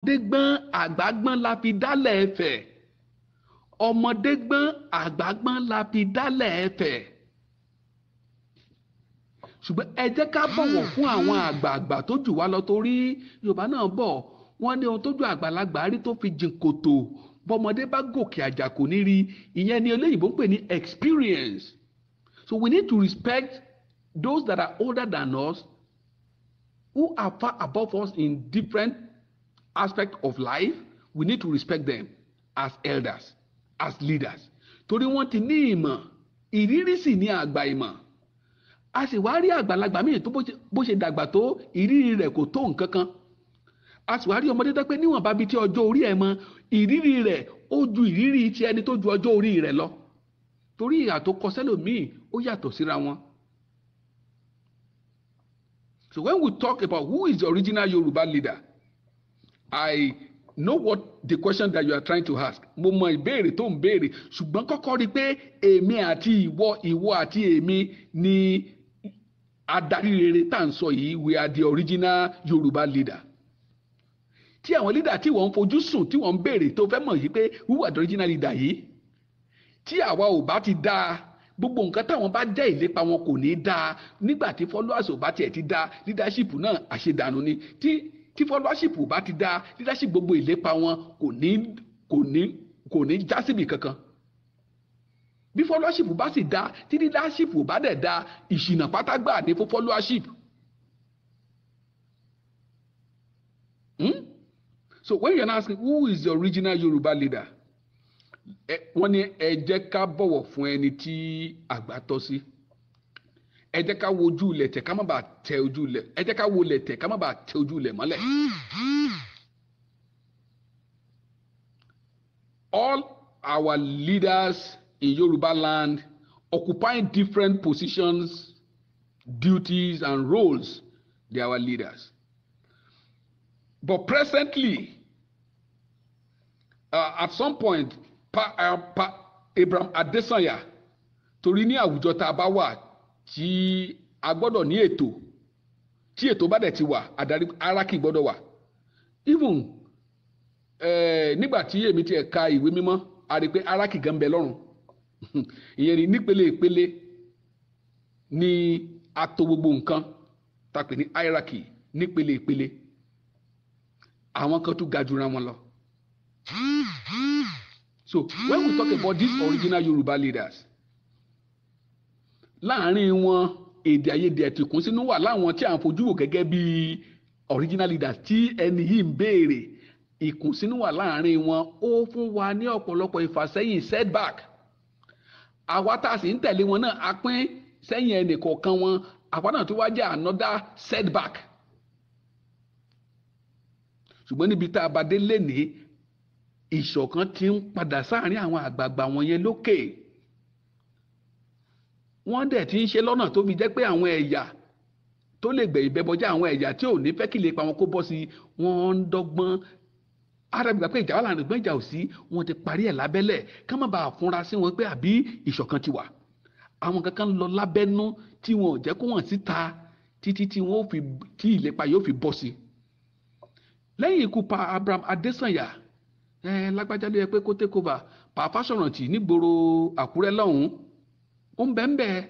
ọmọdé gbọ́n àgbà gbọ́n la fi dálẹ̀ ẹ̀fẹ̀ ọmọdé gbọ́n àgbà gbọ́n la fi dálẹ̀ ẹ̀fẹ̀ ṣùgbọ́n ẹ jẹ́ ká bọ̀wọ̀ fún àwọn àgbààgbà tó jù wá lọ torí yorùbá náà bọ̀ wọ́n ní ohun tójú àgbàlagbà rí tó fi jìn kòtò bọ́mọdé bá gòkè àjà kò ní rí ìyẹn ni olóyìnbó ń pè ní experience so we need to respect those that are older than us who are far above us in different aspect of life we need to respect them as elders as leaders torí wọ́n ti ní ìmọ̀ ìrírí sì ní àgbà ìmọ̀ a sì wá rí àgbàlagbà míì tó bó ṣe dàgbà tó ìrírí rẹ̀ kò tó nǹkan kan a sì wá rí ọmọdé tó pé níwọ̀n bá bi tí ọjọ́ orí ẹ̀ mọ ìrírí rẹ̀ ó ju ìrírí ti ẹni tó ju ọjọ́ orí rẹ̀ lọ torí ìhà tó kọ sẹ́lòmíì ó yàtọ̀ síra wọn. So when we talk about who is the original Yoruba leader I know what the question that you are trying to ask mo mọ ìbéèrè tó ń béèrè ṣùgbọ́n kọ́kọ́ rí i pé èmi àti ìwọ ìwọ àti èmi ni adarí rere tá à ń sọ yìí we are the original Yorùbá leader tí àwọn leader tí wọ́n ń fojú sùn tí wọ́n ń béèrè tó fẹ́ mọ̀ yìí pé who are the original leader yìí tí àwa ò bá ti dáa gbogbo nǹkan táwọn bá jẹ́ ìlépa wọn kò ní í dáa nígbà tí followers ò bá tiẹ̀ ti dáa leadership náà àṣedànù ni tí tí followership ò bá ti dáa leadership gbogbo ìlépa wọn kò ní kò ní kò ní já síbi kankan bí followership bá sì dáa tí leadership ò bá dẹ̀ dáa ìṣìnà pátá gbà ní fún followership. Hmm? So when you're asking who is the original Yoruba leader? wọ́n ní ẹ jẹ́ ká bọ̀wọ̀ fún ẹni tí àgbà tọ́ sí. Si ẹ ká wo ojú ilẹ̀ ká má bàa tẹ ojú ilẹ̀ ẹ ká wo ilẹ̀ tẹ̀ ká má bàa tẹ ojú ilẹ̀ mọ́lẹ̀. all our leaders in Yoruba land occupying different positions duties and roles they are our leaders but presently uh, at some point pa, uh, pa Abraham Adesanya torí ní àwùjọ tá a bá wà tí a gbọ́dọ̀ ní ètò tí ètò bá dẹ̀ ti wà adarí arákì gbọ́dọ̀ wà even eh, nígbà tí èmi tiẹ̀ ka ìwé mímọ́ a rí i pé arákì gan bẹ lọ́rùn ìyẹn ni nípele ìpele ni a tò gbogbo nǹkan ta pè ní hierarchy nípele ìpele àwọn kan tún ga jura wọn lọ so when we talk about these original Yoruba leaders láàrin wọn èdè àìyedè ẹ̀tìkún sínú wà láwọn tí à ń fojú wò gẹ́gẹ́ bí original leader tí ẹni yìí ń béèrè ìkùnsínú wà láàrin wọn ó fún wa ní ọ̀pọ̀lọpọ̀ ìfàsẹ́yìn setback àwa tá a sì ń tẹ̀lé wọn náà a pín sẹ́yìn ẹnì kọ̀ọ̀kan wọn àwa náà tó wá jẹ́ another setback ṣùgbọ́n níbi tá a bá dé lénìí ìṣọ̀kan ti ń padà sáàrin àwọn àgbààgbà wọn lókè. Okay wọ́n dẹ̀ ti ń ṣe lọ́nà tó fi jẹ́ pé àwọn ẹ̀yà tó lè gbẹ̀yìn bẹ́bọjá àwọn ẹ̀yà tí ò ní fẹ́ kí lè pa wọn kó bọ́ sí wọ́n ń dọ́gbọ́n arábìgbà pé ìjà wà lánàá ìgbọ́n ìjà ò sí wọn ti parí ẹ̀ lábẹ́lẹ̀ ká má bàa fúnra sí wọn pé àbí ìṣọ̀kan ti wà àwọn kankan lọ lábẹ́nú tí wọn ò jẹ́ kó wọ́n síta títí tí wọn fi tí ìlépa yóò fi bọ́ sí. lẹ́yìn ikú pa Abraham Adesanya ẹ̀ lágbájá ló yẹ pé kó take over pàápàá sọ̀rọ̀ tì nígboro Àkúrẹ́ lọ́hùn-ún ó ń bẹ́ẹ̀ bẹ́ẹ̀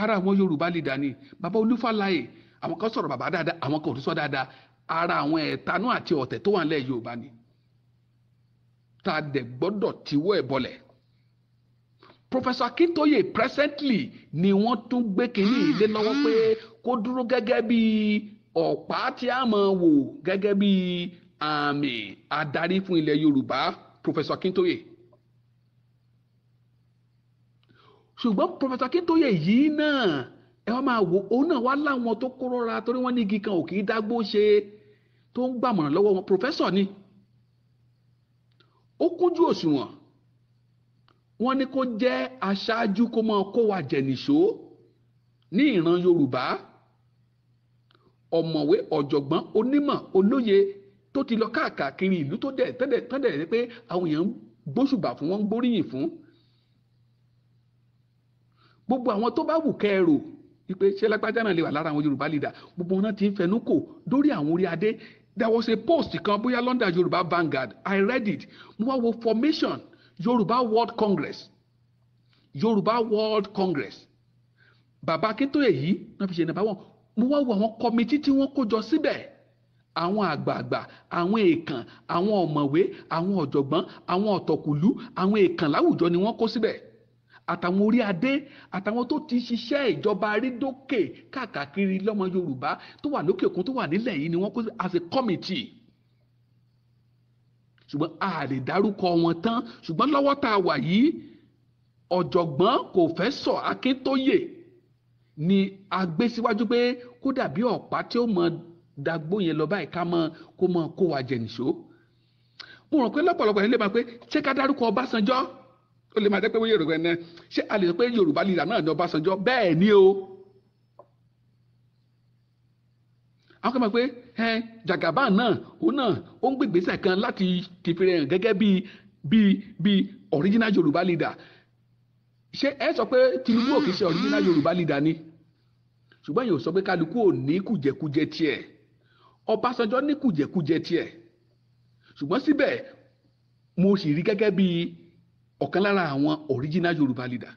ara àwọn yorùbá leader ni bàbá olúfàlàyé àwọn kan sọ̀rọ̀ bàbá dáadáa àwọn kan ò sọ dáadáa ara àwọn ẹ̀tanú àti ọ̀tẹ̀ tó wà nílẹ̀ yorùbá ni tá a dẹ̀ gbọ́dọ̀ tiwọ́ ẹ̀ bọlẹ̀ professor akintoye presently ni wọ́n tún gbé kínní ilé lọ́wọ́ pé kó dúró gẹ́gẹ́ bí ọ̀pá tí a máa wò gẹ́gẹ́ bí àmì adarí fún ilẹ̀ yorùbá professor akintoye ṣùgbọ́n Professor Akintoye yìí náà ẹ wá máa wò òun náà wá láwọn tó kó rọra torí wọ́n ní igi kan ò kì í dágbó ṣe tó ń gbàmọ̀ràn lọ́wọ́ wọn Professor ni ó kúnjú òṣùwọ̀n wọ́n ní kó jẹ́ aṣáájú kó máa kó wa jẹ̀nìṣó ní ìran Yorùbá ọ̀mọ̀wé ọ̀jọ̀gbọ́n onímọ̀ olóye tó ti lọ káàkiri ìlú tó dẹ̀ tẹ́lẹ̀ tẹ́lẹ̀ pé àwọn èèyàn gbóṣùbà fún wọn gbóríyìn fún gbogbo àwọn tó bá wù kẹrò ipe ṣé lágbájá náà lè wà lára àwọn yorùbá leader gbogbo wọn ti ń fẹnu kò dórí àwọn orí adé there was a post kan bóyá london yorùbá Vanguard i read it mo wá wo formation yorùbá world congress yorùbá world congress bàbá akíntóyè yìí náà fi ṣe nàbà wọn mo wá wo àwọn kọmitì tí wọ́n kó jọ síbẹ̀ àwọn àgbààgbà àwọn èèkàn àwọn ọ̀mọ̀wé àwọn ọ̀jọ̀gbọ́n àwọn ọ̀tọ̀kùlú àwọn èèkàn láwùjọ ni wọ́n kó síbẹ̀ àtàwọn orí adé àtàwọn tó ti ṣiṣẹ́ ìjọba àrídókè káàkiri lọ́mọ Yorùbá tó wà lókè òkun tó wà nílẹ̀ yìí ni wọ́n kó as a committee ṣùgbọ́n a lè dárúkọ wọn tán ṣùgbọ́n lọ́wọ́ tá a wà yìí ọ̀jọ̀gbọ́n Kòfẹ́sọ̀ Akíntóyè ni a gbé síwájú pé kó dàbí ọ̀pá tí ó mọ dagbó yẹn lọ báyìí ká mọ kó mọ kó wa jẹ̀nìṣó mo rò pé lọ́pọ̀lọpọ̀ yẹn lè pé ṣé ká dárúkọ Ọbásanjọ́ ó lè máa jẹ́ pé wọ́n yorùbá ẹni ṣé a lè sọ pé yorùbá leader náà ni Ọbásanjọ́ bẹ́ẹ̀ ni o àwọn kan mọ̀ pé ẹ jàgàbá náà òun náà ó ń gbègbèsè kan láti tìfìrẹ̀ hàn gẹ́gẹ́ bíi bíi bíi original yorùbá leader ṣé ẹ sọ pé Tinubu ò kì í ṣe original yorùbá leader ni ṣùgbọ́n yóò sọ pé kálukú ò ní kùjẹkùjẹ tiẹ̀ Ọbásanjọ́ ní kùjẹkùjẹ tiẹ̀ ṣùgbọ́n síbẹ̀ mo sì rí gẹ́gẹ́ bíi ọ̀kan lára àwọn original yorùbá leader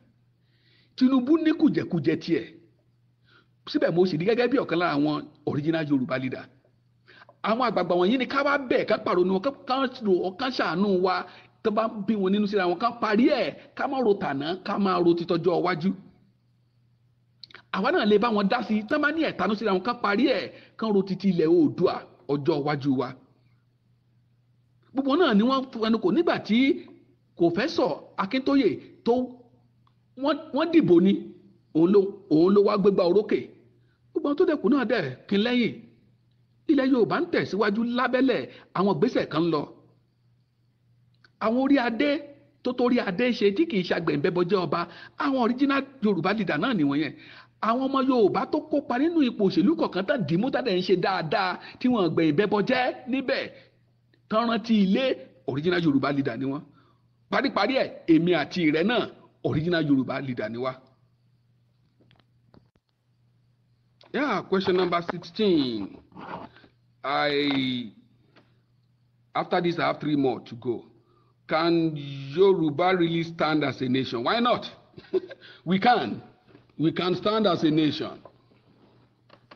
tinubu ní kùjẹkùjẹ tiẹ̀ síbẹ̀ mo sì rí gẹ́gẹ́ bí ọ̀kan lára àwọn original yorùbá leader àwọn àgbààgbà wọ̀nyí ni ká wá bẹ̀ ká pàrọ̀ nu ká ṣàánú wa tó bá bí wọn nínú síra wọn ká parí ẹ̀ ká má ro tàná ká má ro títọ́jọ́ iwájú àwa náà lè bá wọn dá sí tán bá ní ẹ̀tanú síra wọn ká parí ẹ̀ kán ro títí ilẹ̀ oòdùà ọjọ́ iwájú wa gbogbo náà ni wọ́n fẹnu kò nígbà tí kòfẹ́sọ̀ akíntóyè tó wọ́n dìbò ni òun ló wá gbégbá orókè gbogbo àwọn tó dẹ̀kù náà dẹ̀ kín lẹ́yìn ilẹ̀ yorùbá ń tẹ̀síwájú lábẹ́lẹ̀ àwọn ìgbésẹ̀ kan ń lọ àwọn orí adé tó torí adé ṣe tí kì í ṣàgbẹ̀ǹbẹ̀bọjẹ́ ọba àwọn original yorùbá leader náà nìwọ̀nyẹn àwọn ọmọ yorùbá tó kópa nínú ipò òṣèlú kọ̀ọ̀kan tán dìímú tá dẹ̀ ń ṣe dáadáa tí wọ́n gbẹ̀ǹbẹ̀bọjẹ́ níbẹ̀ tán rántí ilé original yorùbá leader ni wọ́n paríparí ẹ̀ èmi àti ìrẹ́ náà original Yorùbá leader ni wá. Yeah, question number sixteen. I after this I have three more to go. Can Yoruba really stand as a nation? Why not? We can. We can stand as a nation.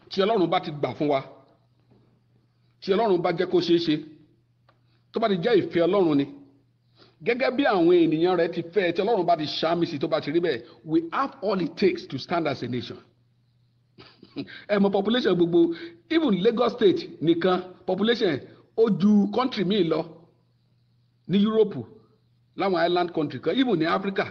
Tí Ọlọ́run bá ti gbà fún wa, tí Ọlọ́run bá jẹ́ kó ṣeé ṣe, tó bá ti jẹ́ ìfẹ́ Ọlọ́run ni, gẹ́gẹ́ bí àwọn ènìyàn rẹ̀ ti fẹ́ tí ọlọ́run bá ti ṣàmì sí tó bá ti rí bẹ́ẹ̀ we have all it takes to stand as a nation ẹ population gbogbo even Lagos state nìkan population ó ju country míì lọ ní Europe láwọn island country kan even ní Africa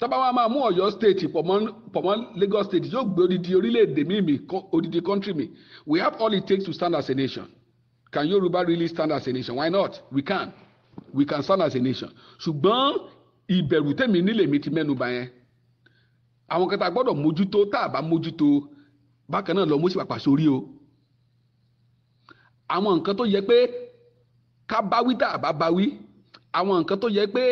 tábàwá máa mú Ọ̀yọ́ state pọ̀mọ́ Lagos state yóò gbé odidi orílẹ̀-èdè míì mi odidi country mi we have all it takes to stand as a nation can Yoruba really stand as a nation why not we can we can stand as a nation ṣùgbọ́n ìbẹ̀rù tẹ̀mí nílẹ̀ mi ti mẹ́nuba yẹn àwọn kẹta gbọ́dọ̀ mójútó tá a bá mójútó bákan náà lọ mú sí pàpà sórí o àwọn nǹkan tó yẹ pé ká báwí tá a bá báwí àwọn nǹkan tó yẹ pé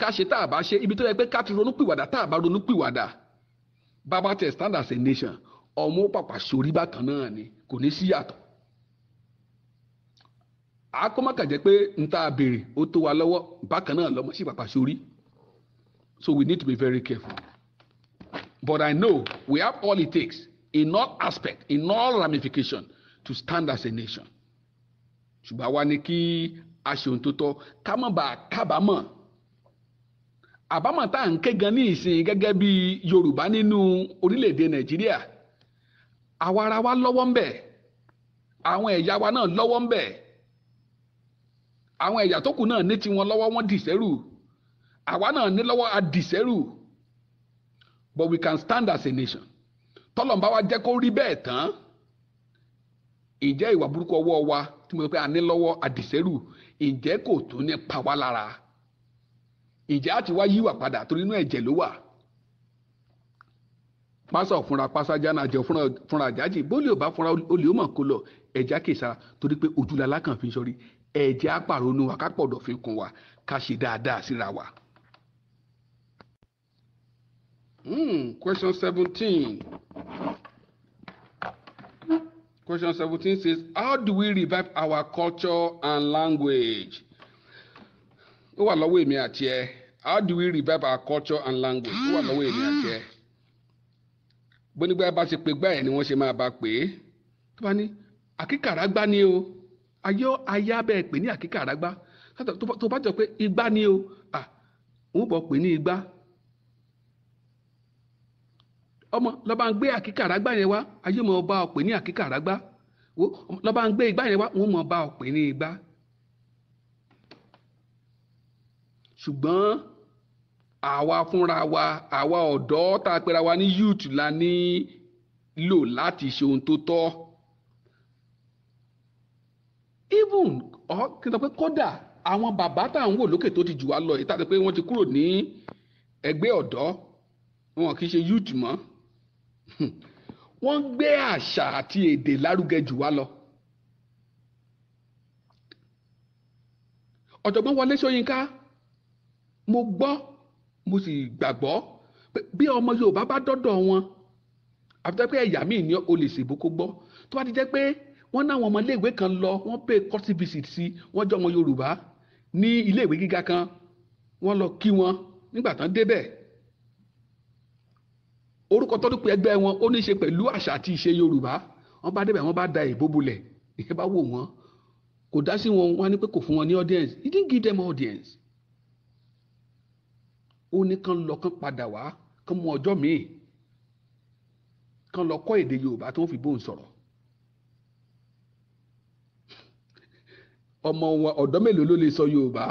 ká ṣe tá a bá ṣe ibi tó yẹ pé ká ti ronúpìwàdà tá a bá ronúpìwàdà bàbá tẹ̀ stand as a nation ọmọ pàpà sórí bákan náà ni kò ní síyàtọ̀ a pé n ta béèrè ó tó wa lọ́wọ́ bákan náà lọ́mọ sí pàpà sórí so we need to be very careful but I know we have all it takes in all aspect in all ramification to stand as a nation ṣùgbọ́n àwa ni kí a ṣe ohun tó tọ́ ká má bàa kábàámọ̀ àbámọ̀ tá à ń ké gan ní ìsìn gẹ́gẹ́ bí Yorùbá nínú orílẹ̀-èdè Nàìjíríà àwa ara wa lọ́wọ́ ń bẹ àwọn ẹ̀yà wa náà lọ́wọ́ ń bẹ àwọn ẹ̀yà tó kù náà ní tiwọn lọ́wọ́ wọ́n dìsẹ́rù àwa náà ní lọ́wọ́ a dìsẹ́rù but we can stand as a nation tọ́lọ̀mbá wa jẹ́ kó rí bẹ́ẹ̀ tán ǹjẹ́ ìwà burúkú ọwọ́ wa tí mo sọ pé a ní lọ́wọ́ a dìsẹ́rù ǹjẹ́ kò tún ní pa wá lára ǹjẹ́ àti wá yíwà padà torí inú ẹ̀jẹ̀ ló wà pásọ fúnra pásájà náà jẹ fúnra àjájì bólú ò bá fúnra olè ó mọ̀ kó lọ ẹ̀já kìsà torí pé ojúlá alákàn fi ń sọrí ẹ jẹ́ á fi kún wa ká ṣe dáadáa síra wa. Hmm, question seventeen. says, how do we revive our culture and language? Ó wà lọ́wọ́ èmi àti ẹ. How do we revive our culture and language? Ó wà lọ́wọ́ èmi àti ẹ. Bónígbà bá ṣe pé gbáyẹ̀ ni wọ́n ṣe máa bá pè Tó bá ní, àkíkàrà gbá ni o ayé ayé abẹ́ pè ní àkíkà àràgbá tó bá jọ pé igbá ni o ń bọ̀ pè ní igbá ọmọ lọ́ba ń gbé àkíkà àràgbá yẹn wá ayé mọ̀ ọba ọ̀pẹ ní àkíkà àràgbá lọ́ba ń gbé igbá yẹn wá wọ́n mọ̀ ọba ọ̀pẹ ní igbá ṣùgbọ́n àwa fúnra wa àwa ọ̀dọ́ tá a pera wa ní youth la ní lò láti ṣe ohun tó tọ́ even kí n sọ pé kódà àwọn bàbá tá à ń wò lókè tó ti jù wá lọ yìí tàbí pé wọ́n ti kúrò ní ẹgbẹ́ ọ̀dọ́ wọn kì í ṣe youth mọ́ wọ́n gbé àṣà àti èdè lárugẹ jù wá lọ. ọ̀jọ̀gbọ́n Wọlé Ṣóyínká mo gbọ́ mo sì gbàgbọ́ bí ọmọ Yorùbá bá dọ́dọ̀ wọn àfi pé ẹ̀yà míì ni o lè ṣèbó kó gbọ́ tó bá ti jẹ́ pé wọ́n náwọn ọmọléèwé kan lọ wọ́n pay court visit sí wọ́n jọ ọmọ Yorùbá ní iléèwé gíga kan wọ́n lọ kí wọn nígbà tán débẹ̀ orúkọ tọ́dún pé ẹgbẹ́ wọn ó ní í ṣe pẹ̀lú àṣà àti ìṣe Yorùbá wọ́n bá débẹ̀ wọ́n bá da ìbò ìyẹn bá wò wọ́n kò dá sí wọn wọ́n ní pé kò fún wọn ní audience he didn't give them audience ó ní kán lọ kán padà wá kán mú ọjọ́ míì kán lọ kọ́ èdè Yorùbá tó ń fi bóun sọ̀rọ̀ ọmọ wọn ọ̀dọ́ mélòó ló lè sọ Yorùbá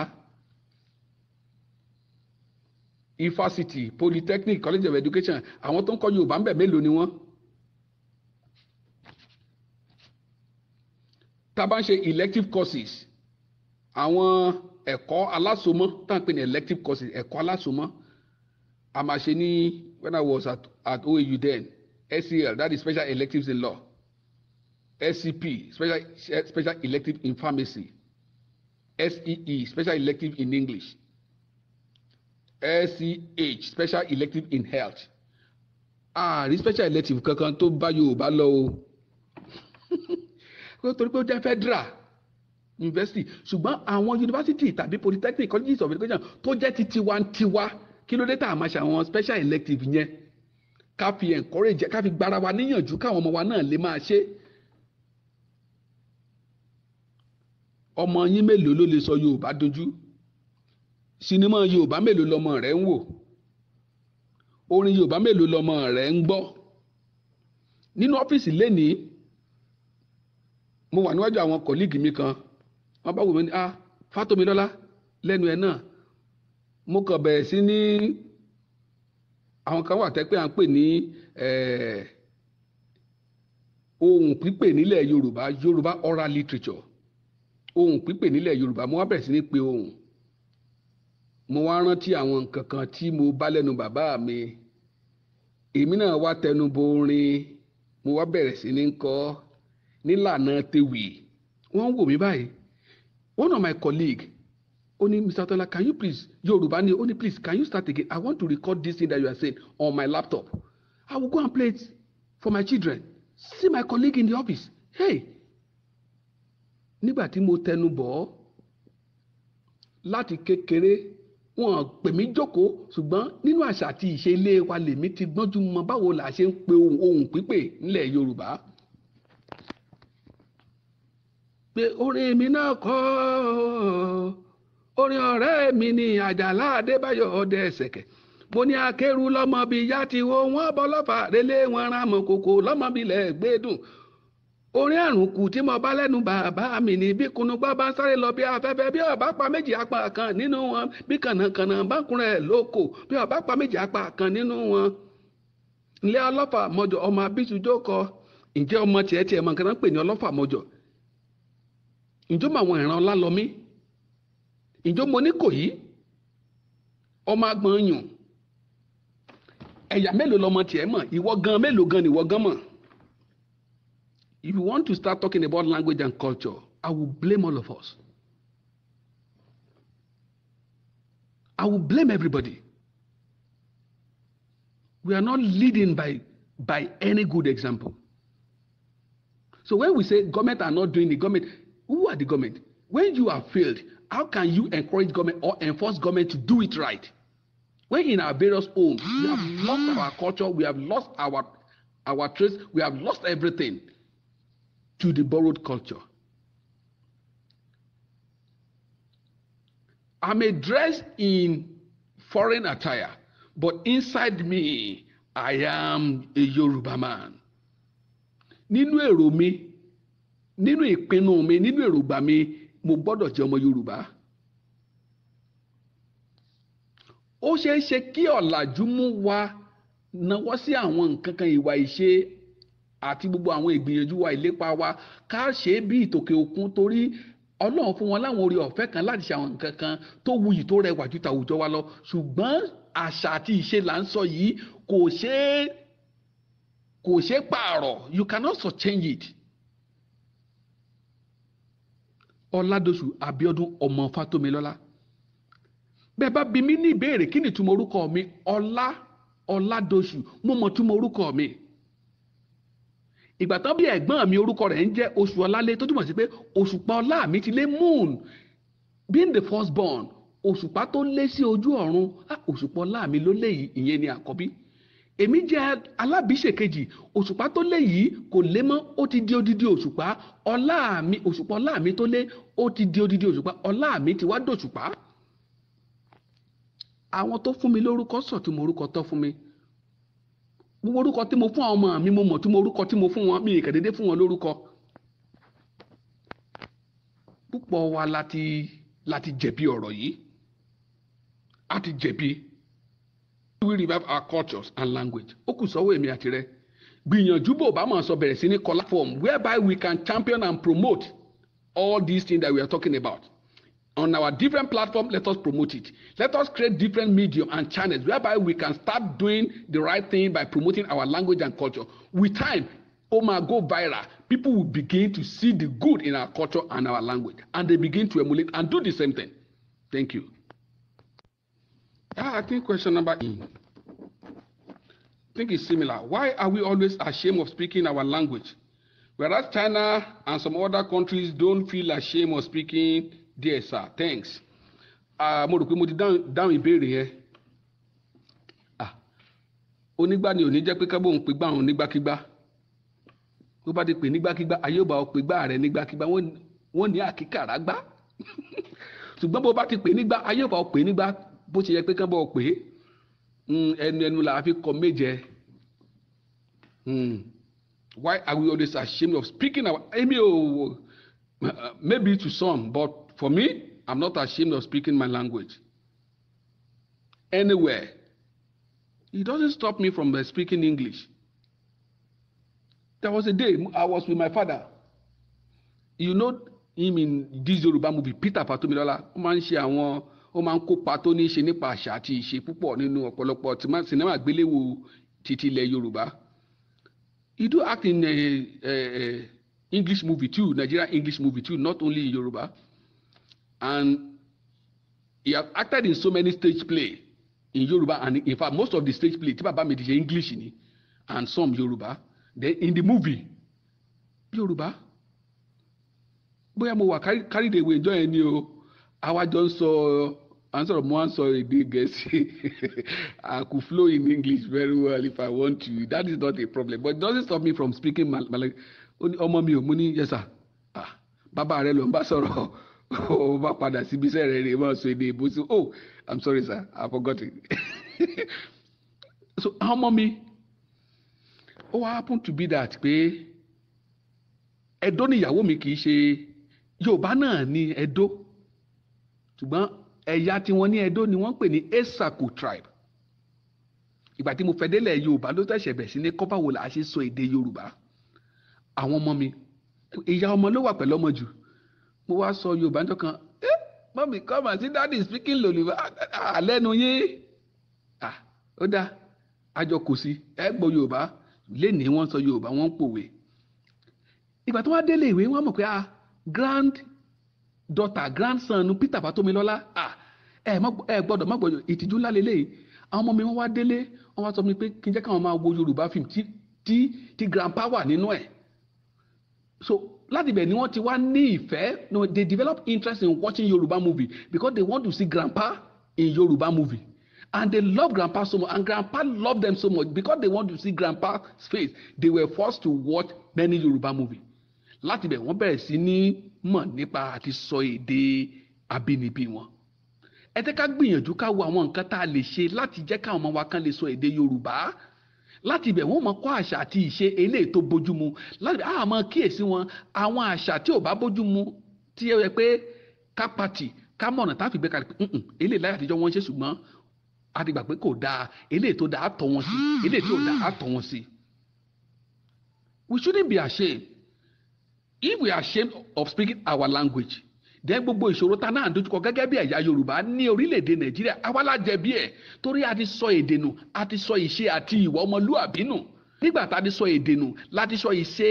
ifásitì polytechnic college of education àwọn tó ń kọ́ Yorùbá ń bẹ̀ mélòó ni wọ́n. tá a bá ń ṣe elective courses àwọn ẹ̀kọ́ alásomọ́ tá à ń pè ní elective courses ẹ̀kọ́ alásomọ́ a máa ṣe ní when I was at, at OAU then SEL that is special electives in law SCP e special special elective in pharmacy SEE, e, special elective in English. SEH, special elective in health. Ààrí ah, special elective kankan tó bá Yorùbá lọ o. Torí pé ó jẹ́ federal university ṣùgbọ́n àwọn university tàbí polytechnic colleges of education tó jẹ́ ti tiwantiwa kí ló dé tá a máa ṣe special elective yẹn ká fi encourage ká fi gbára wa níyànjú káwọn ọmọ wa náà lè máa ṣe é ọmọ yín mélòó ló lè sọ yorùbá dojú sinimá yorùbá mélòó lọmọ rẹ ń wò orin yorùbá mélòó lọmọ rẹ ń gbọ́ nínú ọ́fíìsì lénìí mo wà níwájú àwọn kọ̀líìgì mi kan wọ́n bá wò mí ní ah Fátómilọ́lá lẹ́nu ẹ̀ náà mo kàn bẹ̀rẹ̀ sí ní àwọn kan wà tẹ́pẹ́ à ń pè ní ohun pípè nílẹ̀ yorùbá yorùbá oral literature ohùn pípè nílẹ̀ yorùbá mo wá bẹ̀rẹ̀ sí ní pe ohùn mo wá rántí àwọn nǹkan kan tí mo bá lẹ́nu bàbá mi èmi náà wá tẹnu bo orin mo wá bẹ̀rẹ̀ sí ní kọ nílànà tewì wọ́n ń wò mí báyìí one of my colleague ó ní mr tola can you please yorùbá ni ó ní please can you start again i want to record this thing that you are saying on my laptop i will go and play it for my children see my colleague in the office hey nígbà tí mo tẹnu bọ̀ ọ́ láti kékeré wọn pè mí jókòó ṣùgbọ́n nínú àṣà àti ìṣe ilé wa lèmi ti gbọ́njú mọ báwo là ṣe ń pe ohùn ohùn pípè nílẹ̀ Yorùbá pé orin mi náà kọ́ orin ọ̀rẹ́ mi ni Àjàlá Adébáyọ̀ ọdẹ ẹ̀sẹ̀kẹ̀ mo ní akẹ́rù lọ́mọbi yá ti wo wọ́n bọ́ lọ́fà relé wọn ra mọ̀ kòkó lọ́mọbi lẹ̀ orin àrùn kù tí mo bá lẹ́nu bàbá mi ní bí kunugbá bá ń sáré lọ bí afẹ́fẹ́ bí ọ̀bá pa méjì apá kan nínú wọn bí kànákànná bá kúnrẹ̀ lóko bí ọ̀bá pa méjì apá kan nínú wọn. ilé ọlọ́fà mọ́jọ ọmọ abíṣújó kọ ǹjẹ́ ọmọ tiẹ̀ tiẹ̀ mọ̀ nǹkan pè ní ọlọ́fà mọ́jọ. ǹjọ́ mọ àwọn ìran lálọ́mí ǹjọ́ mo ní kò ọmọ agbọ̀n yùn ẹ̀yà mélòó lọmọ tiẹ̀ mọ̀ ìwọ gan mélòó gan ni gan mọ̀ If you want to start talking about language and culture, I will blame all of us. I will blame everybody. We are not leading by, by any good example. So when we say government are not doing the government, who are the government? When you are failed, how can you encourage government or enforce government to do it right? When in our various homes, we have lost our culture, we have lost our our trace, we have lost everything. to the borrowed culture. I may dress in foreign attire, but inside me, I am a Yoruba man. Nínú èrò mi, nínú ìpinnu mi, nínú èrògbà mi, mo gbọ́dọ̀ jẹ́ ọmọ Yorùbá. Ó ṣeé ṣe kí ọ̀làjú mú wa náwó sí àwọn nǹkan kan ìwà ìṣe àti gbogbo àwọn ìgbìyànjú wa ìlépa wa ká ṣe é bí ìtòkè òkun torí ọlọ́run fún wọn láwọn oore ọ̀fẹ́ kan láti ṣe nǹkan kan tó wuyì tó rẹwà ju tàwùjọ wa lọ ṣùgbọ́n àṣà àti ìṣe là ń sọ yìí kò ṣeé kò ṣeé pààrọ̀ you cannot so change it. ọládọ̀sù abíọ́dún ọmọ fátómilọ́lá bẹ́ẹ̀ bá bi mí ní ìbéèrè kí ni túmọ̀ orúkọ mi ọlá ọládọ̀sù mo mọ̀ túmọ̀ orúkọ mi. Ọlá, ìgbà tó bí ẹ̀gbọ́n mi orúkọ rẹ̀ ń jẹ́ oṣù ọlálé tó túmọ̀ sí pé òṣùpá ọlá mi ti lé moon being the first born òṣùpá tó lé sí ojú ọ̀run ah, òṣùpá ọlá mi ló lé yìí ìyẹn ni àkọ́bí èmi jẹ́ alábìíṣe kejì òṣùpá tó lé yìí kò lé mọ́ ó ti di odidi òṣùpá ọlá mi òṣùpá ọlá mi tó lé ó ti di odidi òṣùpá ọlá mi ti wá dòṣùpá àwọn tó fún mi lórúkọ sọ̀tún mọ orúkọ tó fún mi orúkọ tí mo fún àwọn ọmọ mi mo mọ̀ tí mo orúkọ tí mo fún wọn mi ìkà déédéé fún wọn lórúkọ púpọ̀ wa láti láti jẹ̀bi ọ̀rọ̀ yìí a jẹ̀bi we revive our cultures and language ó kù sọ́wọ́ èmi àti rẹ gbìyànjú bò bá máa sọ bẹ̀rẹ̀ sí ní kọ́ platform whereby we can champion and promote all these things that we are talking about on our different platform let us promote it let us create different medium and channels whereby we can start doing the right thing by promoting our language and culture with time o go viral people will begin to see the good in our culture and our language and they begin to emulate and do the same thing thank you ah, i think question number e i think it's similar why are we always ashamed of speaking our language whereas china and some other countries don't feel ashamed of speaking dear sir thanks ah, mo rò pé mo ti dáhùn ìbéèrè yẹn ah, onígbà ni ò ní jẹ́ pé kábòun pé gbà òun nígbàkigbà bó bá ti pè nígbàkigbà ayé ò bá ọ pé gbà rẹ nígbàkigbà wọ́n ní àkíkàrà gbà ṣùgbọ́n bó bá ti pè nígbà ayé ò bá ọ pè nígbà bó ṣe yẹ pé kábọ̀ ọ pé hmm, ẹnu ẹnu là fi kọ méje hmm, why are we always ashamed of speaking our emi o maybe to some but For me, I'm not ashamed of speaking my language. Anywhere. It doesn't stop me from uh, speaking English. There was a day I was with my father. You know him in this Yoruba movie, Peter Fatomilola. Ó máa ń ṣe àwọn ó máa ń kópa tó ní í ṣe nípa àṣà àti ìṣe púpọ̀ nínú ọ̀pọ̀lọpọ̀ sinimá àgbéléwò títí ilẹ̀ Yorùbá. You do act in a, a, a English movie too, Nigeria English movie too, not only in Yoruba and he have acted in so many stage play in Yoruba and in fact most of the stage play tí bàbá mi ti ṣe English ni and some Yoruba then in the movie Yoruba bóyá mo wà carried away ìjọ yẹn ni o àwa jọ ń sọ à ń sọ̀rọ̀ mo à ń I could flow in English very well if I want to that is not a problem but it doesn't stop me from speaking Malay ọmọ mi ò mo ní yes sir ah bàbá rẹ ló ń bá sọ̀rọ̀ o bá padà síbi iṣẹ́ rẹ̀ rè máa sọ èdè ìbò sí oh i'm sorry sir i forgot it so àwọn ọmọ mi ó wá happen to be that pé ẹ̀dọ́ níyàwó mi kì í ṣe yorùbá náà ní ẹ̀dọ́ ṣùgbọ́n ẹ̀yà tí wọ́n ní ẹ̀dọ́ ni wọ́n pè ní esaku tribe ìgbà tí mo fẹ́ délẹ̀ yorùbá ló tẹ̀sẹ̀ bẹ̀ sí ní kọ́fàwò là á ṣe sọ èdè yorùbá àwọn ọmọ mi ìyá ọmọ ló wà pẹ̀lú ọmọ jù mo wá sọ yorùbá níjọ́ kan eh mọ́mí come and see daddy speaking lòlùbá àlẹ́nu ah, yín ó dá àjọ kò sí ẹ gbọ́ yorùbá lénìí wọ́n sọ yorùbá wọ́n ń pòwe ìgbà tó wá délé ìwé wọ́n mọ̀ pé ah grand daughter grandson peter fatomilọ́lá ah ẹ gbọ́dọ̀ má gbọ́dọ̀ ìtìjú ńlá lélẹ́yìí àwọn ọmọ mi wọ́n wá délé wọ́n wá sọ mi pé kí n jẹ́ káwọn máa wo yorùbá fíìmù tí tí grandpa wà nínú ẹ̀ so láti ibẹ̀ ni wọ́n ti wá ní ìfẹ́ no they develop interest in watching Yoruba movie because they want to see grandpa in Yoruba movie and they love grandpa so much and grandpa love them so much because they want to see grandpa's face they were forced to watch many Yoruba movie láti ibẹ̀ wọ́n bẹ̀rẹ̀ sí ní mọ̀ nípa àti sọ èdè abínibí wọn ẹ tẹ́ ká gbìyànjú ká wo àwọn nǹkan tá a lè ṣe láti jẹ́ káwọn ọmọ wa kan lè sọ èdè Yorùbá láti ibẹ̀ wọ́n máa kọ́ àṣà àti ìṣe eléyìí tó bójúmu láti ibẹ̀ á kíyèsí wọn àwọn àṣà tí ò bá bójúmu tí yẹ pé kápátì kámọ̀nà táfi gbé kalẹ̀ pé eléyìí láyé àtijọ́ wọ́n ṣe ṣùgbọ́n a pé kò dáa eléyìí tó dáa á wọn sí eléyìí tí ò dáa á wọn sí. We shouldn't be ashamed if we are ashamed of speaking our language dẹ́n gbogbo ìṣòro ta náà dojúkọ gẹ́gẹ́ bí ẹ̀yà yorùbá ní orílẹ̀-èdè nàìjíríà awalajẹ bí ẹ̀ torí a ti sọ èdè nù a ti sọ ìṣe àti ìwà ọmọlúàbí nù nígbà tá a ti sọ èdè nù láti sọ ìṣe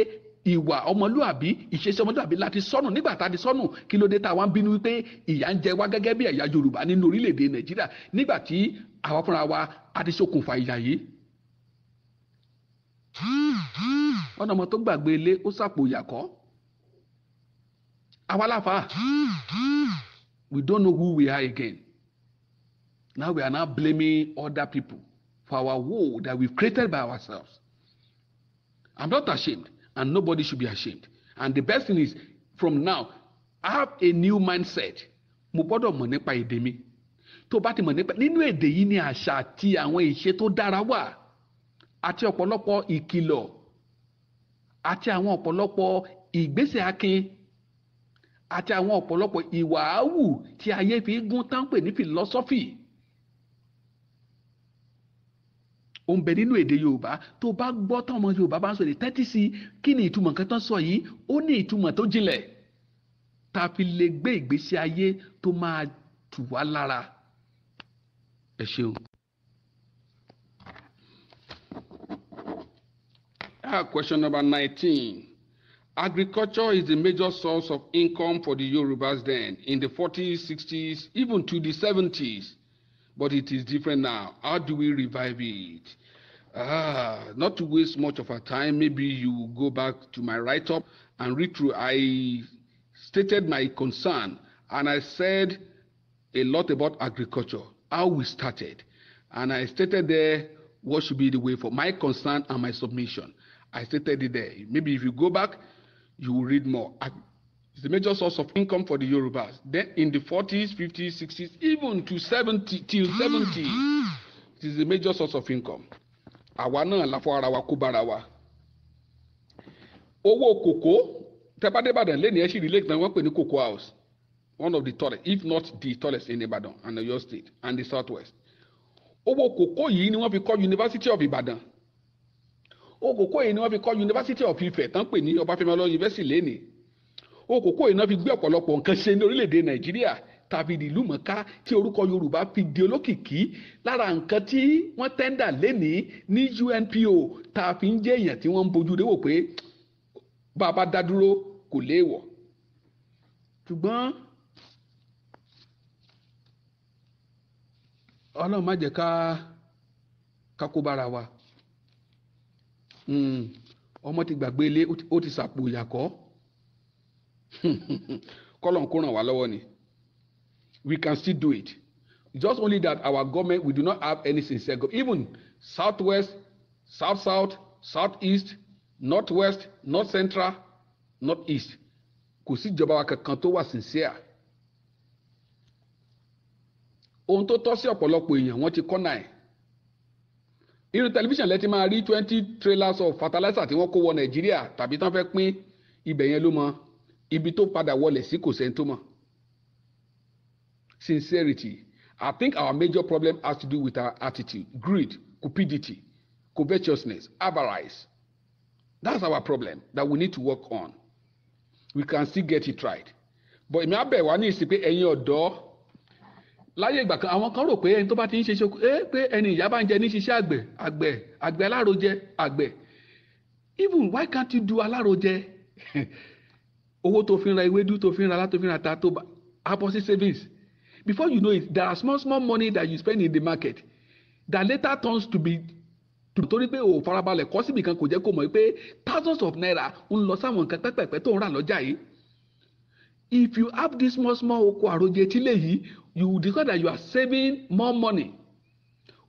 ìwà ọmọlúàbí ìṣesí ọmọlúàbí láti sọnù nígbà tá a ti sọnù kí ló dé tá a wá ń bínú wípé ìyà ń jẹ wá gẹ́gẹ́ bí ẹ̀yà yorùbá nínú orílẹ̀-èdè nàìjíríà nígbà tí àwa fúnra wa a ti ṣokùnfà ìyà yìí ọ̀nà ọmọ tó gbàgbé ilé ó sàpò ìyàkọ́ àwa láfa we don't know who we are again now we are now blaming other people for our woe that we've created by ourselves i'm not ashamed and nobody should be ashamed and the best thing is from now i have a new mindset mo gbọ́dọ̀ mọ̀ nípa èdè mi tó bá ti mọ̀ nípa nínú èdè yìí ni àṣà àti àwọn ìṣe tó dára wà àti ọ̀pọ̀lọpọ̀ ìkìlọ̀ àti àwọn ọ̀pọ̀lọpọ̀ ìgbésẹ̀ akin àti àwọn ọ̀pọ̀lọpọ̀ ìwàáwù tí ayé fi gún táǹpẹ̀ ní philosophy ó ń bẹ nínú èdè yorùbá tó bá gbọ́ táwọn yorùbá bá ń sọ èdè tẹ́tí sí kí ni ìtumọ̀ nǹkan tán sọ yìí ó ní ìtumọ̀ tó jinlẹ̀ tá fi lè gbé ìgbésí ayé tó máa tù wá lára ẹ ṣeun. Ah, question number nineteen. Agriculture is the major source of income for the Yorubas then, in the 40s, 60s, even to the 70s. But it is different now. How do we revive it? Ah, not to waste much of our time, maybe you go back to my write up and read through. I stated my concern and I said a lot about agriculture, how we started. And I stated there what should be the way for my concern and my submission. I stated it there. Maybe if you go back, you will read more. It's the major source of income for the Yorubas. Then in the 40s, 50s, 60s, even to 70 till 70, it is the major source of income. Àwa náà la fọ ara wa kó bára wa. Owó kòkó tẹ́pàdé Ìbàdàn lẹ́nu ẹ̀ sì rí lẹ́gbẹ̀ẹ́ wọ́n pè ní Cocoa House one of the tallest if not the tallest in Ìbàdàn and Ọ̀yọ́ state and the southwest. Owó kòkó yìí ni wọ́n fi kọ́ University of Ìbàdàn òkòkò yìí ni wọ́n fi kọ́ yunifásitì of Ifẹ̀ tán pè ní Ọbáfẹ́mi Awólọ́wọ̀ yunifásitì lẹ́nìí òkòkò yìí ni wọ́n fi gbé ọ̀pọ̀lọpọ̀ nǹkan ṣe ní orílẹ̀-èdè Nàìjíríà tàbí ìlú mọ̀ká tí orúkọ Yorùbá fi di olókìkí lára nǹkan tí wọ́n tẹ́ndà lẹ́nìí ní UNPO tá a fi ń jẹ́ èèyàn tí wọ́n ń bojú léwò pé bàbá dádúró kò léèwọ̀ ṣùgbọ́n Ọlọ́run má jẹ́ ká kákó bára wa. Hmm. ọmọ ti gbàgbé ilé ó ti sàpò ìyàkọ́ kọ́lọ̀n kó ràn wá lọ́wọ́ ni we can still do it just only that our government we do not have any sincere government even southwest south south southeast northwest north central northeast kò sí ìjọba wa kankan tó wà sincere ohun tó tọ́ sí ọ̀pọ̀lọpọ̀ èèyàn wọ́n ti kọ́nà ẹ̀ irú tẹlifíṣàn lẹ́tí máa rí twenty trailers of fertilizer tí wọ́n kó wọ nàìjíríà tàbí tán fẹ́ pín ibẹ̀ yẹn ló mọ ibi tó padà wọlé sí kò sẹ́ni tó mọ̀. sincerity i think our major problem has to do with our attitude greed cupidity covetousness avarice that's our problem that we need to work on we can still get it right but èmi á bẹ̀ wá ní ìsìn pé ẹ̀yin ọ̀dọ́ láyé ìgbà kan àwọn kan rò pé ẹni tó bá ti ń ṣe ṣoko ẹ eh, pé ẹni ìyá bá ń jẹ ní ṣiṣẹ́ àgbẹ̀ àgbẹ̀ àgbẹ̀ alárojẹ àgbẹ̀ even why can't you do alárojẹ owó tó fi ń ra ewédú tó fi ń ra alá tó fi ń ra ta tó apọ́sí savings before you know it there are small small money that you spend in the market that later turns to be torí pé o farabalẹ̀ kọ́ síbi kan kò jẹ́ kó mọ̀ pé thousands of naira ń lọ sáwọn nǹkan pẹ́pẹ́pẹ́ tó ń rà lọ́jà yìí if you have this small small oko àròjẹ tílé yìí you will discover that you are saving more money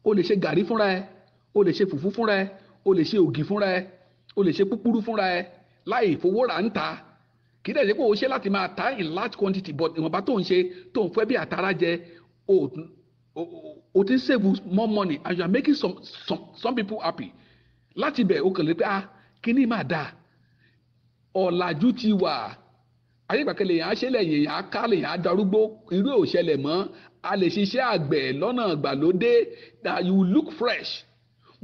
o lè ṣe gàrí fúnra ẹ o lè ṣe fùfú fúnra ẹ o lè ṣe ògì fúnra ẹ o lè ṣe púpúrú fúnra ẹ láì fowó rà ń ta kì í ṣe pé o ṣe láti máa ta in large quantity but ìwọ̀nba tó ń ṣe tó ń fẹ́ bí àtàrà jẹ o o ti save more money and you are making some some some people happy láti bẹ̀ o kàn lè pé ah kíní máa dáa ọ̀làjú ti wà ayégbàkẹ́lẹ̀ yẹn á ṣẹlẹ̀ yẹn á kálẹ̀ yẹn á darúgbó irú ò ṣẹlẹ̀ mọ́ a lè ṣiṣẹ́ àgbẹ̀ lọ́nà ìgbàlódé that you look fresh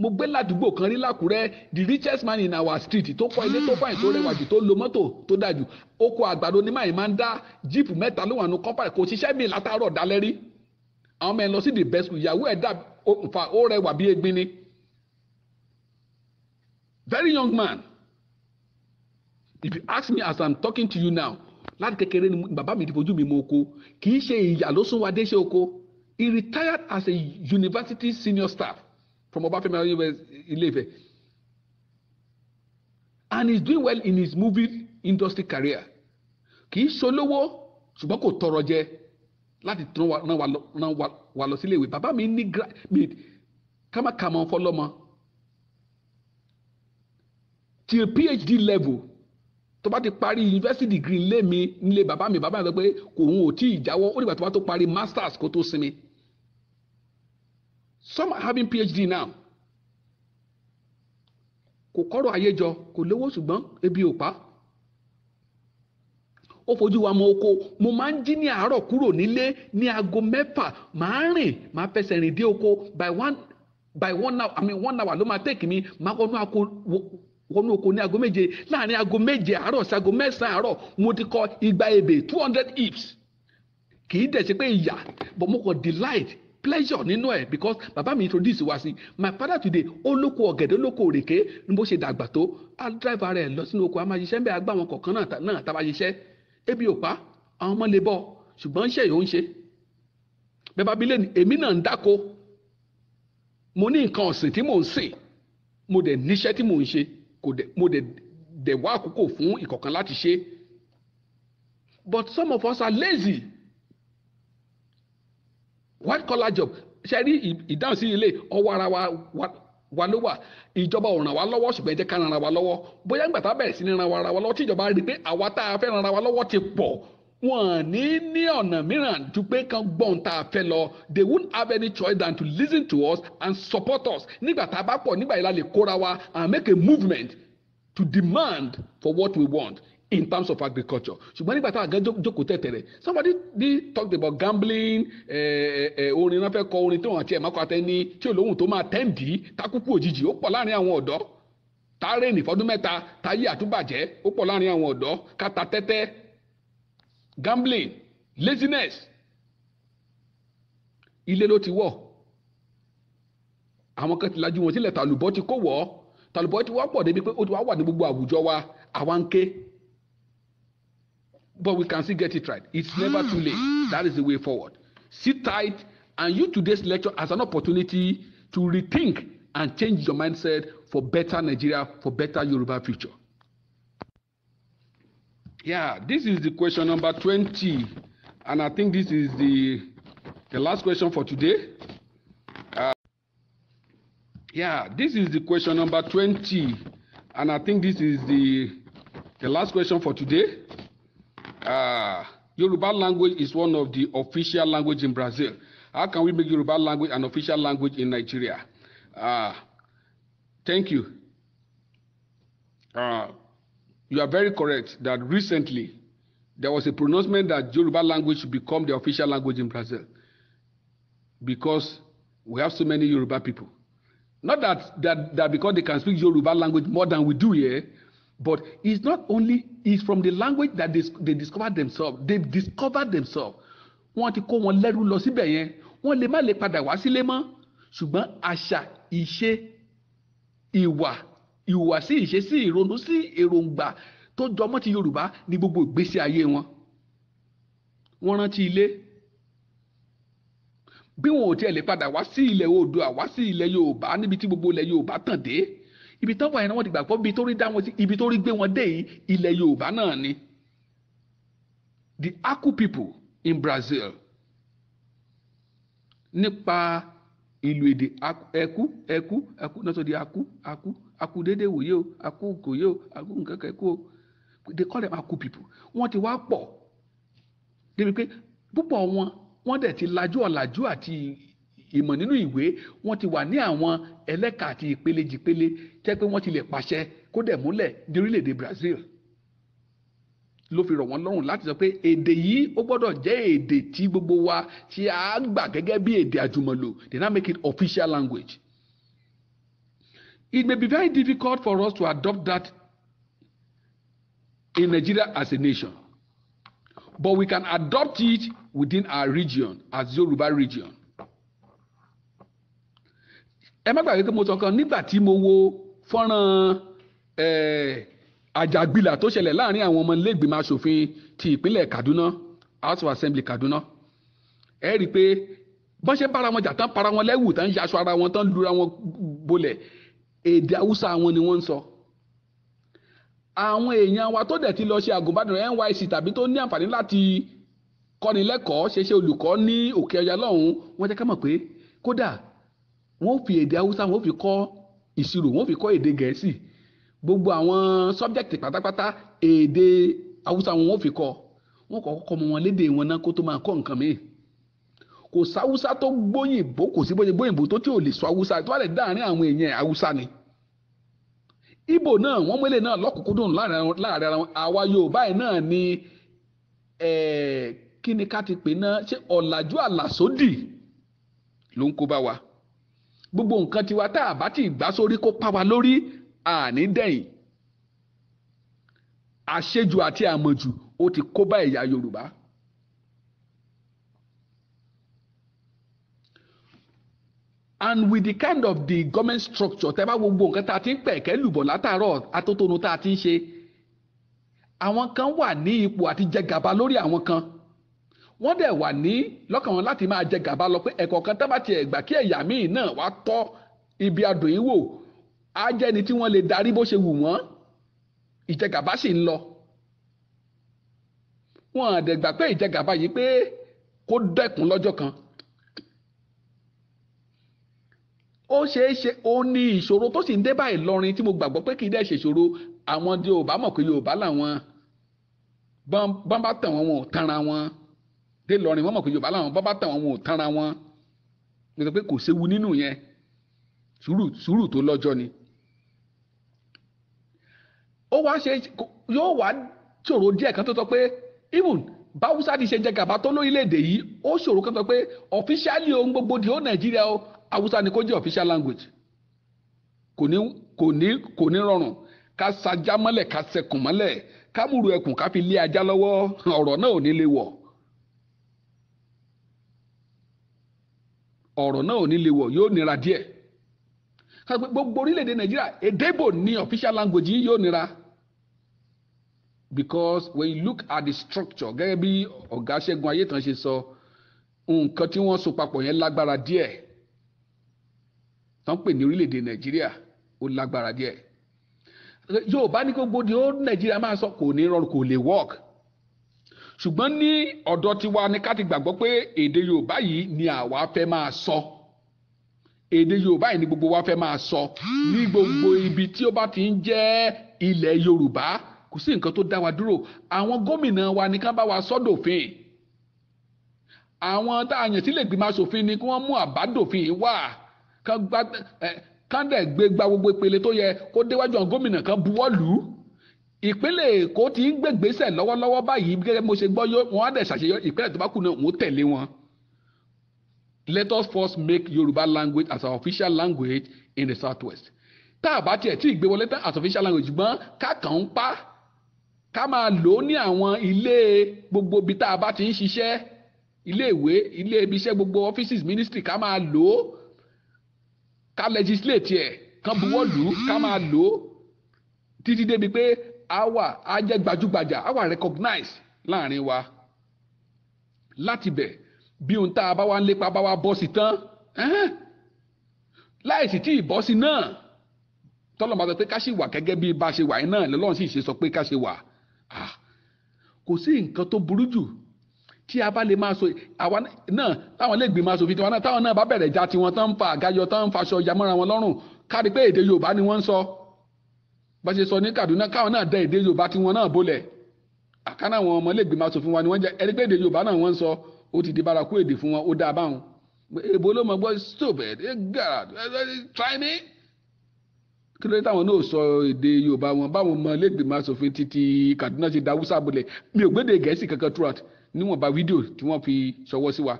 mo gbé ládùúgbò kan rí làkúrẹ́ the richest man in our street tó kọ́ ilé tó fàyè tó rẹwà jù tó lo mọ́tò tó dà jù oko àgbàdo ní màyí máa ń dá jíìpù mẹ́ta ló wà nù kọ́ńpà kò ṣiṣẹ́ mi látàárọ̀ dalẹ́ rí àwọn ọmọ ẹ lọ sí the best school ìyàwó ẹ̀ dà nfa ó rẹwà bí egbin ni very young man if you ask me as i'm talking to you now láti kékeré ni bàbá mi ti fojú mi mọ oko kì í ṣe ìyà ló sún wa dé ṣe oko he retired as a university senior staff from Obafemi Ile-Ife and is doing well in his movie industry career kì í ṣolówó ṣùgbọ́n kò tọrọ jẹ láti ràn wá lọ sílé ìwé bàbá mi ní graduate kámákámá fọlọ́mọ till PhD level tó bá ti parí university degree nílé mi nílé bàbá mi bàbá mi sọ pé kò òun ò tí ì jáwọ́ ó dìgbà tó bá tó parí masters kó tó sinmi some are having phd now kò kọ́rọ̀ ayé jọ kò lówó ṣùgbọ́n ebi ò pa ó fojú wa mọ oko mo máa ń jí ní àárọ̀ kúrò nílé ní aago mẹ́fà máa ń rìn máa fẹsẹ̀ rìn dé oko by one by one hour i mean one hour ló máa tẹ̀kì mi máa kọ́ nú wọnú oko ní aago méje láàrin aago méje àárọ̀ sí aago mẹ́sàn-án àárọ̀ mo ti kọ igba ebè two hundred hips kì í dẹ̀ ṣe pé ìyà but mo kàn delight pleasure nínú ẹ̀ because bàbá mi introduce wa sí my father today olóko ọ̀gẹ̀dẹ̀ olóko òrèké ni bó ṣe dàgbà tó á drive ara ẹ̀ lọ sínú oko a máa ṣiṣẹ́ ń bẹ́ẹ̀ agbá wọn kọ̀ọ̀kan náà tá a bá ṣiṣẹ́ ebi ò pa àwọn ọmọ lè bọ̀ ṣùgbọ́n iṣẹ́ yìí ó ń ṣe bẹ́ẹ̀ bá bí lẹ́nu èmi náà ń dáko mo ní nǹkan ọ̀sìn tí mò ń sìn mo dẹ̀ níṣẹ́ tí mò ń ṣe kò dẹ̀ mo dẹ̀ dẹ̀ wá àkókò fún ìkọ̀kan láti ṣe but some of us are lazy white collar job ṣe rí ìdáhùn sí ilé ọwọ́ ara wa wa ló wà ìjọba ò ràn wá lọ́wọ́ ṣùgbọ́n ẹ ká ran ara lọ́wọ́ bóyá ńgbà tá bẹ̀rẹ̀ sí ní ran ara wa lọ́wọ́ tí ìjọba rí pé àwa tá a fẹ́ ran ara lọ́wọ́ ti pọ̀ wọn ní ní ọ̀nà mìíràn ju pé kan gbọ́n tá a fẹ́ lọ they won't have any choice than to listen to us and support us nígbà tá a bá pọ̀ nígbà yìí la lè kóra wa and make a movement to demand for what we want in terms of agriculture ṣùgbọ́n nígbà tá a gan jókòó tẹ̀tẹ̀rẹ̀ somebody dey talk about gambling eh, eh, eh, orin náà fẹ́ kọ orin tí wọ́n àti ẹ̀ máa kọ àtẹ ní tí olóhùn tó máa tẹ́ǹdì takúkú òjijì ó pọ̀ láàrin àwọn ọ̀dọ́ tá a rẹ̀ ní fọdún mẹ́ta tá a yí àtúbàjẹ́ ó pọ̀ láàrin àwọn ọ̀dọ́ ká ta tẹ́tẹ́ gambling laziness ilé ló ti wọ̀ àwọn kan ti lajú wọn sílẹ̀ tàlùbọ́ ti kó wọ̀ ọ́ tàlùbọ́ ti wọ́pọ̀ débi pé ó ti wá wà ní gbogbo àwùjọ wa àwa ń ké but we can still get it right it's never too late that is the way forward sit tight and use today's lecture as an opportunity to rethink and change your mindset for better Nigeria for better Yoruba future. Yeah, this is the question number 20. And I think this is the, the last question for today. Uh, yeah, this is the question number 20. And I think this is the, the last question for today. Uh, Yoruba language is one of the official language in Brazil. How can we make Yoruba language an official language in Nigeria? Uh, thank you. Uh, you are very correct that recently there was a pronouncement that Yoruba language should become the official language in Brazil because we have so many Yoruba people. Not that, that, that because they can speak Yoruba language more than we do here, but it's not only, it's from the language that they, they discovered themselves. They discovered themselves. Wọ́n ti kó wọn lẹ́rú lọ síbẹ̀ yẹn. Wọ́n lè má lè padà wá sílé mọ́. Ṣùgbọ́n àṣà, ìṣe, ìwà ìhùwàsí ìṣesí ìrònú sí èròǹgbà tó jọmọ́ ti yorùbá ní gbogbo ìgbésí ayé wọn wọ́n rántí ilé bí wọn ò tiẹ̀ lè padà wá sí ilẹ̀ oòduà wá sí ilẹ̀ yorùbá níbi tí gbogbo ilẹ̀ yorùbá tàn dé ibi tán wà yẹn wọ́n ti gbàgbọ́ ibi tó rí dá wọn sí ibi tó rí gbé wọn dé yìí ilẹ̀ yorùbá náà ni the aku people in Brazil nípa ìlú èdè ẹkú ẹkú ẹkú náà sọ di aku aku. aku akú dédé wòye o akú kòye o akú nǹkan kú o they call them aku people wọ́n ti wá pọ̀ débi pé púpọ̀ wọn wọ́n dẹ̀ ti lajú ọ̀làjú àti ìmọ̀ nínú ìwé wọ́n ti wà ní àwọn ẹlẹ́ka àti ìpele jìpele jẹ́ pé wọ́n ti lè pàṣẹ kó dẹ̀ múlẹ̀ ní orílẹ̀-èdè Brazil ló fi rọ̀ wọ́n lọ́rùn láti sọ pé èdè yìí ó gbọ́dọ̀ jẹ́ èdè tí gbogbo wa tí a gẹ́gẹ́ bí èdè àjùmọ̀lò they now make it official language it may be very difficult for us to adopt that in Nigeria as a nation. But we can adopt it within our region as Yoruba region. Ẹ má gbàgbé pé mo sọ kan nígbà tí mo wo fọ́nrán àjàgbilà tó ṣẹlẹ̀ láàrin àwọn ọmọ ilégbìmọ̀ asòfin ti ìpínlẹ̀ Kaduna House of Assembly Kaduna ẹ rí i pé bọ́n ṣe bára wọn jà tán para wọn lẹ́wù tán yaṣọ ara wọn tán lura wọn bolẹ̀ èdè haúsá wọn ni wọ́n ń sọ àwọn èèyàn wa tó dẹ̀ ti lọ ṣe àgùnbánirọ̀ NYSC tàbí tó ní àǹfààní láti kọ́ni lẹ́kọ̀ọ́ ṣeṣe olùkọ́ ní òkè ọjà lọ́hùn-ún wọ́n jẹ́ ká mọ̀ pé kódà wọ́n fi èdè haúsá wọ́n fi kọ́ ìṣirò wọ́n fi kọ́ èdè gẹ̀ẹ́sì gbogbo àwọn sọ́bjẹ́kìtì pátápátá èdè haúsá wọn wọ́n fi kọ́ wọ́n kọ́ kọ́ mọ wọn lédè wọn náà kó tó máa kọ́ nǹkan mìíràn kò sáwúsá tó gbóyìnbó kò sí bóyá gbóyìnbó tó tí ò lè sọ haúsá tó wà dáàrin àwọn èèyàn haúsá ni ibo náà wọ́n mọ́lẹ̀ náà lọ́kùnkúndùn láàrin ara wọn àwa yorùbá yìí náà ni kí ni ká ti pè náà ṣé ọ̀làjú àlàsódì ló ń kó bá wa gbogbo nǹkan tiwa tá a bá ti gbá sórí kó pa wa lórí àní dẹ̀yìn àṣejù àti àmọ̀jù ó ti kó bá ẹ̀yà yorùbá. and with the kind of the government structure tẹ́ bá gbogbo nǹkan tá a ti ń pẹ̀ kẹ́ lùbọ̀ látàárọ̀ atótónu tá a ti ń ṣe àwọn kan wà ní ipò àti jẹ gàba lórí àwọn kan wọ́n dẹ̀ wà ní lọ́kàn wọn láti máa jẹ gàba lọ pé ẹ̀kọ́ kan tábà tiẹ̀ gbà kí ẹ̀yà míì náà wá tọ́ ibi adùn yìí wò á jẹ́ ni tí wọ́n lè darí bó ṣe wù wọ́n ìjẹgàba sì ń lọ wọ́n àdẹ̀gbà pé ìjẹgàba yìí pé kó dẹ́kun lọ́jọ́ kan ó ṣeé ṣe ó ní ìṣòro tó sì ń dé báyìí lọrin tí mo gbàgbọ́ pé kì í dẹ́ ṣe ìṣòro àwọn Yorùbá mọ̀ pé Yorùbá làwọn bọ́n bá tàn wọ́n wọn ò tanra wọn dé lọrin wọ́n mọ̀ pé Yorùbá làwọn bọ́n bá tàn wọ́n wọn ò tanra wọn mo sọ pé kò séwu nínú yẹn sùúrù sùúrù tó lọ́jọ́ ni ó wá ṣe yóò wá ṣòro díẹ̀ kan tó sọ pé even báwùsá ti ṣe jẹ gàba tó lórílẹ̀ o haúsá ni kó jẹ́ official language kò ní kò ní kò ní rọrùn ká sajá mọ́lẹ̀ ká sẹkùn mọ́lẹ̀ ká múru ẹkùn ká fi lé ajá lọ́wọ́ ọ̀rọ̀ náà ò ní lè wọ̀ ọ̀rọ̀ náà ò ní lè wọ̀ yóò nira díẹ̀ gbogbo orílẹ̀-èdè nàìjíríà èdèbò ní official language yìí yóò nira because when you look at the structure gẹ́gẹ́ bí ọ̀gá ṣẹ́gun ayétan ṣe sọ nǹkan tí wọ́n so papọ̀ yẹn lágbára díẹ̀ tó ń pè ní orílẹ̀-èdè nàìjíríà ó lágbára díẹ̀ yorùbá ní gbogbo di ó nàìjíríà máa sọ kò ní rọrùn kò lè work ṣùgbọ́n ní ọ̀dọ̀ tiwa ni ká ti gbàgbọ́ pé èdè yorùbá yìí ni àwa fẹ́ máa sọ èdè yorùbá yìí ni gbogbo wa fẹ́ máa sọ ní gbogbo ibi tí ó bá ti ń jẹ́ ilẹ̀ yorùbá kò sí nǹkan tó dá wa dúró àwọn gómìnà wa ni ká bá wa sọ dòfin àwọn tá a yàn sílẹ̀ gbìmọ̀ aṣòfin ni kí wọ́n mú àbádòfin wá kán dẹ̀ gbé gba gbogbo ìpele tó yẹ kó déwájú àwọn gómìnà kan buwọ́ lù ú ìpínlẹ̀ èkó ti ń gbègbèsè lọ́wọ́lọ́wọ́ báyìí gẹ́gẹ́ mo ṣe gbọ́ yó wọn á dẹ̀ ṣàṣeyọrí ìpínlẹ̀ tó bá kù náà wọ́n tẹ̀lé wọn. let us first make Yoruba language as our official language in the southwest tá a bá tiẹ̀ tí ì gbé wọlé tán as official language ṣùgbọ́n kákan ń pa ká máa lò ó ní àwọn ilé gbogbo ibi tá a bá ti ń ṣiṣẹ́ ilé ìwé ilé ibiṣẹ́ gbogbo offices ministry ká máa lò ó ká legislate ẹ̀ kán buwọ́ lù hmm. ú ká máa lò ó títí débi pé a wà á jẹ́ gbajúgbajà a wà recognize láàrin wa láti bẹ̀ bí ohun tá a bá wá ń lépa bá wá bọ́ sí tán láìsí tí ì bọ́ sí náà tọ́lọ̀ máa sọ pé ká ṣì wà gẹ́gẹ́ bí bá ṣe wà yín náà lọ́lọ́run sì ṣe sọ pé ká ṣe wà kò sí nǹkan tó burú jù tí a bá lè máa so àwa náà táwọn lè gbìmọ̀ aṣòfin tiwọn náà táwọn náà bá bẹ̀rẹ̀ ja tiwọn tán ń fa àgáyọ tán ń faṣọ ya mọ́ra wọn lọ́rùn kárí pé èdè Yorùbá ni wọ́n ń sọ bá ṣe sọ ní Kaduna káwọn náà dẹ èdè Yorùbá tiwọn náà bolẹ̀ àkànnà àwọn ọmọ lè gbìmọ̀ aṣòfin wa ni wọ́n jẹ ẹni pé èdè Yorùbá náà wọ́n ń sọ ó ti di bárakú èdè fún wọn ó dáa báwọn èbó ló mọ gbọ́ stupid god try me kí ló dé táwọn náà sọ èdè Yorùbá wọn báwọn ọmọ lè gbìmọ̀ aṣòfin títí Kaduna ṣe da Hausa bolẹ̀ mi ò gbédè Gẹ̀ẹ́sì kankan throughout níwọ̀nba fídíò tí wọ́n fi ṣọwọ́ sí wa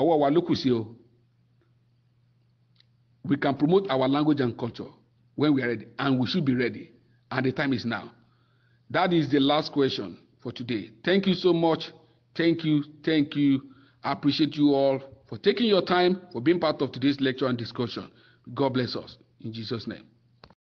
ọwọ́ wa ló kù sí o we can promote our language and culture when we are ready and we should be ready and the time is now that is the last question for today thank you so much thank you thank you i appreciate you all for taking your time for being part of today's lecture and discussion god bless us in jesus name.